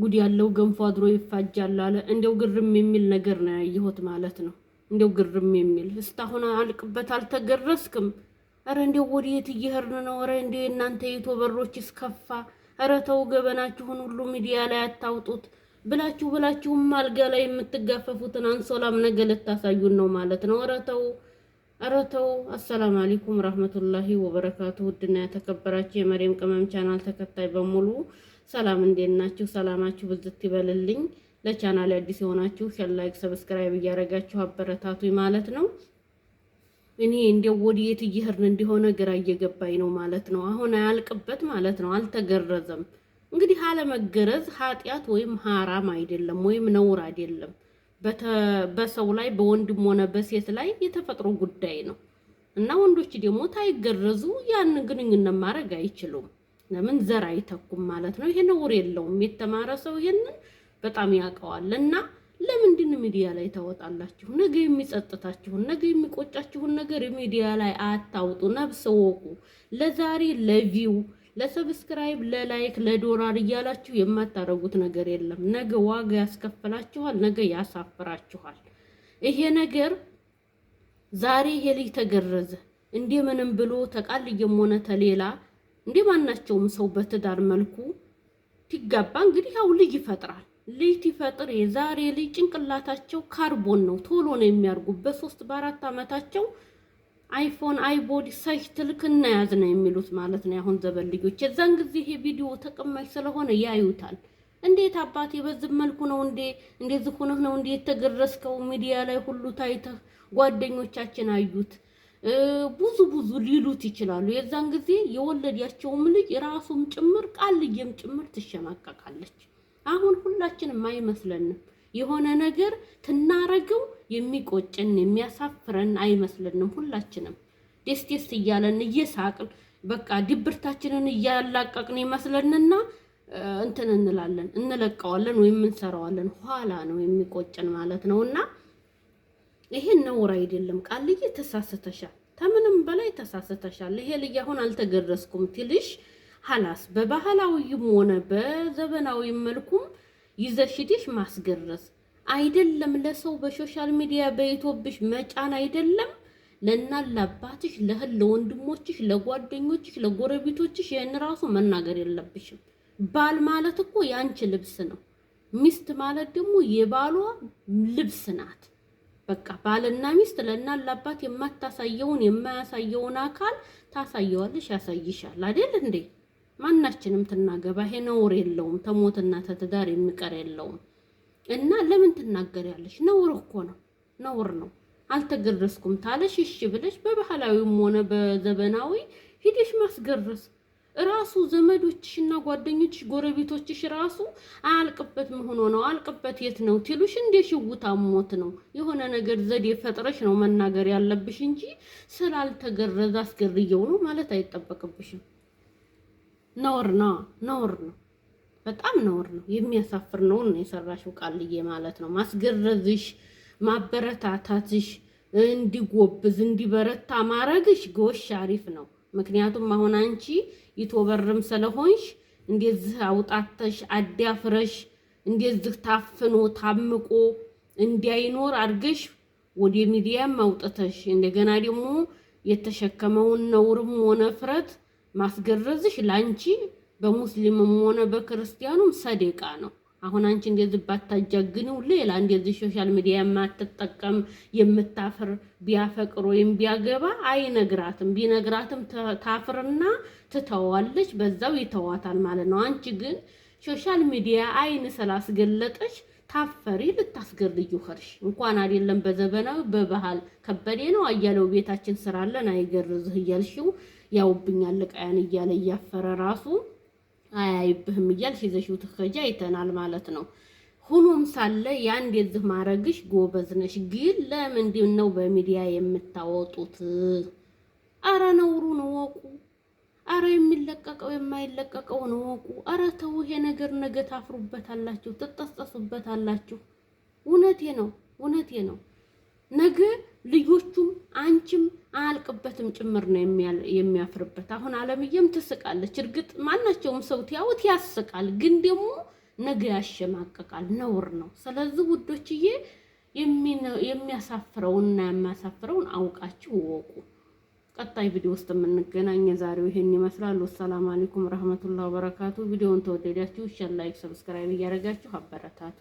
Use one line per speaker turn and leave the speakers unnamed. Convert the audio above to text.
ጉድ ያለው ገንፎ አድሮ ይፋጃል አለ። እንደው ግርም የሚል ነገር ነው ያየሁት ማለት ነው። እንደው ግርም የሚል እስካሁን አልቅበት አልተገረስክም። ኧረ እንደው ወዴት እየሄድን ነው? ኧረ እንደው የእናንተ በሮች እስከፋ። ኧረ ተው ገበናችሁን ሁሉ ሚዲያ ላይ አታውጡት ብላችሁ ብላችሁም አልጋ ላይ የምትጋፈፉትን አንሶላም ነገ ልታሳዩን ነው ማለት ነው። ኧረ ተው ኧረ ተው። አሰላም አለይኩም ረህመቱላሂ ወበረካቱ። ውድና የተከበራችሁ የመሪም ቅመም ቻናል ተከታይ በሙሉ ሰላም እንዴት ናችሁ? ሰላማችሁ ብዝት ይበልልኝ። ለቻናል አዲስ የሆናችሁ ሼር፣ ላይክ፣ ሰብስክራይብ እያደረጋችሁ አበረታቱኝ ማለት ነው። እኔ እንደ ወዴት እየሄድን እንደሆነ ግራ እየገባኝ ነው ማለት ነው። አሁን አያልቅበት ማለት ነው። አልተገረዘም። እንግዲህ አለመገረዝ ኃጢአት ወይም ሀራም አይደለም ወይም ነውር አይደለም። በሰው ላይ በወንድም ሆነ በሴት ላይ የተፈጥሮ ጉዳይ ነው እና ወንዶች ደግሞ ታይገረዙ ያን ግንኙነት ማድረግ አይችሉም። ለምን ዘር አይተኩም ማለት ነው። ይሄ ነውር የለውም። የተማረ ሰው ይሄንን በጣም ያውቀዋል። እና ለምንድን ሚዲያ ላይ ታወጣላችሁ? ነገ የሚጸጥታችሁን ነገ የሚቆጫችሁን ነገር ሚዲያ ላይ አታውጡ። ነፍስ ወቁ። ለዛሬ ለቪው ለሰብስክራይብ ለላይክ ለዶላር እያላችሁ የማታደርጉት ነገር የለም። ነገ ዋጋ ያስከፍላችኋል። ነገ ያሳፍራችኋል። ይሄ ነገር ዛሬ ይሄ ልጅ ተገረዘ እንደምንም ብሎ ተቃልየም ሆነ ተሌላ እንዴ ማናቸውም ሰው በትዳር መልኩ ሲጋባ እንግዲህ ያው ልጅ ይፈጥራል። ልጅ ሲፈጥር የዛሬ ልጅ ጭንቅላታቸው ካርቦን ነው፣ ቶሎ ነው የሚያርጉ። በሶስት በአራት ዓመታቸው አይፎን አይቦድ ሰች ትልክ እናያዝ ነው የሚሉት ማለት ነው። አሁን ዘበን ልጆች የዛን ጊዜ ይሄ ቪዲዮ ተቀማጭ ስለሆነ ያዩታል። እንዴት አባቴ በዚህ መልኩ ነው እንዴ እንደዚህ ሆነህ ነው እንዴ የተገረስከው? ሚዲያ ላይ ሁሉ ታይተህ ጓደኞቻችን አዩት። ብዙ ብዙ ሊሉት ይችላሉ። የዛን ጊዜ የወለዳቸውም ልጅ ራሱም ጭምር ቃልዬም ጭምር ትሸማቀቃለች። አሁን ሁላችንም አይመስለንም የሆነ ነገር ትናረገው የሚቆጭን የሚያሳፍረን አይመስለንም። ሁላችንም ደስ ደስ እያለን እየሳቅን በቃ ድብርታችንን እያላቀቅን ይመስለንና እንትን እንላለን፣ እንለቀዋለን ወይም እንሰራዋለን። ኋላ ነው የሚቆጭን ማለት ነው እና ይሄን ነውር አይደለም። ቃልዬ ተሳስተሻል፣ ከምንም በላይ ተሳስተሻል። ይሄ ልጅ አሁን አልተገረዝኩም ትልሽ ሀላስ በባህላዊም ሆነ በዘመናዊ መልኩም ይዘሽትሽ ማስገረዝ አይደለም ለሰው በሶሻል ሚዲያ በኢትዮብሽ መጫን አይደለም ለና ለአባትሽ፣ ለእህል ለወንድሞችሽ፣ ለጓደኞችሽ፣ ለጎረቤቶችሽ ይህን ራሱ መናገር የለብሽም። ባል ማለት እኮ የአንቺ ልብስ ነው። ሚስት ማለት ደግሞ የባሏ ልብስ ናት። በቃ ባልና ሚስት ለእናት ለአባት የማታሳየውን የማያሳየውን አካል ታሳየዋለሽ፣ ያሳይሻል አይደል እንዴ? ማናችንም ትናገባ ይሄ ነውር የለውም። ተሞትና ተትዳር የሚቀር የለውም። እና ለምን ትናገሪያለሽ? ነውር እኮ ነው፣ ነውር ነው። አልተገረስኩም ታለሽ እሺ ብለሽ በባህላዊም ሆነ በዘመናዊ ሂደሽ ማስገረስ ራሱ ዘመዶችሽና ጓደኞች ጓደኞችሽ ጎረቤቶችሽ ራሱ አያልቅበት መሆኖ ነው። አልቅበት የት ነው ትሉሽ እንደ ሽውታ ሞት ነው። የሆነ ነገር ዘዴ ፈጥረሽ ነው መናገር ያለብሽ እንጂ ስላልተገረዘ አስገርየው ነው ማለት አይጠበቅብሽም። ነውር ነው፣ ነውር ነው፣ በጣም ነውር ነው። የሚያሳፍር ነውን ነው የሰራሽው ቃልዬ ማለት ነው። ማስገረዝሽ፣ ማበረታታትሽ፣ እንዲጎብዝ እንዲበረታ ማረግሽ ጎሽ አሪፍ ነው። ምክንያቱም አሁን አንቺ ይቶበርም ስለሆንሽ እንደዚህ አውጣተሽ አዳፍረሽ እንደዚህ ታፍኖ ታምቆ እንዳይኖር አድርገሽ ወደ ሚዲያም አውጥተሽ እንደገና ደግሞ የተሸከመውን ነውርም ሆነ ፍረት ማስገረዝሽ ላንቺ በሙስሊምም ሆነ በክርስቲያኑም ሰደቃ ነው። አሁን አንቺ እንደዚህ ባታጃግነው ሌላ እንደዚህ ሶሻል ሚዲያ የማትጠቀም የምታፍር ቢያፈቅር ወይም ቢያገባ አይነግራትም። ቢነግራትም ታፍርና ትተዋለች፣ በዛው ይተዋታል ማለት ነው። አንቺ ግን ሶሻል ሚዲያ አይን ስላስገለጠች ታፈሪ ልታስገርልዩ ኸርሽ እንኳን አይደለም በዘመናዊ በባህል ከበዴ ነው አያለው ቤታችን ስራለን አይገርዝህ እያልሽው ያውብኛል ቃያን እያለ እያፈረ ራሱ አያይብህም እያልሽ ይዘሽው ትከጃ አይተናል ማለት ነው። ሁኖም ሳለ የአንድ የዚህ ማረግሽ ጎበዝ ነሽ፣ ግን ለምንድን ነው በሚዲያ የምታወጡት? አረ ነውሩን እወቁ። አረ የሚለቀቀው የማይለቀቀውን እወቁ። አረ ተው፣ ይሄ ነገር ነገ ታፍሩበታላችሁ፣ ትጠሰሱበታላችሁ። እውነቴ ነው፣ እውነቴ ነው ነገ ልጆቹም አንቺም አያልቅበትም ጭምር ነው የሚያፍርበት። አሁን አለምዬም ትስቃለች። እርግጥ ማናቸውም ሰው ትያውት ያስቃል፣ ግን ደግሞ ነገ ያሸማቀቃል፣ ነውር ነው። ስለዚህ ውዶችዬ የሚያሳፍረውንና የሚያሳፍረውን አውቃችሁ ወቁ። ቀጣይ ቪዲዮ ውስጥ የምንገናኝ። ዛሬው ይሄን ይመስላል። ሰላም አለይኩም ረህመቱላህ ወበረካቱ። ቪዲዮውን ተወደዳችሁ ሸር፣ ላይክ፣ ሰብስክራይብ እያደረጋችሁ አበረታቱ።